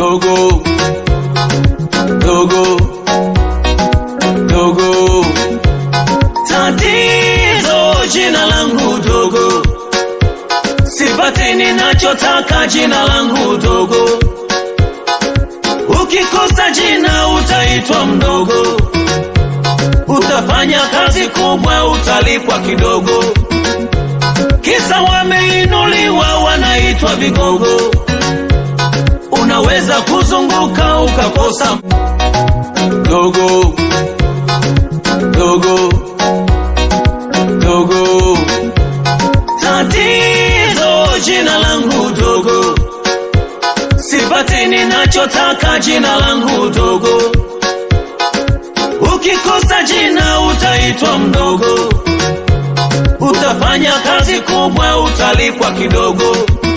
Dogo, dogo, dogo. Tatizo jina langu dogo, sipati ninachotaka jina langu dogo. Ukikosa jina utaitwa mdogo, utafanya kazi kubwa, utalipwa kidogo. Kisa wameinuliwa wanaitwa vigogo Waweza kuzunguka ukakosa dogo dogo dogo, tatizo jina langu dogo, sipati ninachotaka jina langu dogo. Ukikosa jina utaitwa mdogo, utafanya kazi kubwa, utalipwa kidogo.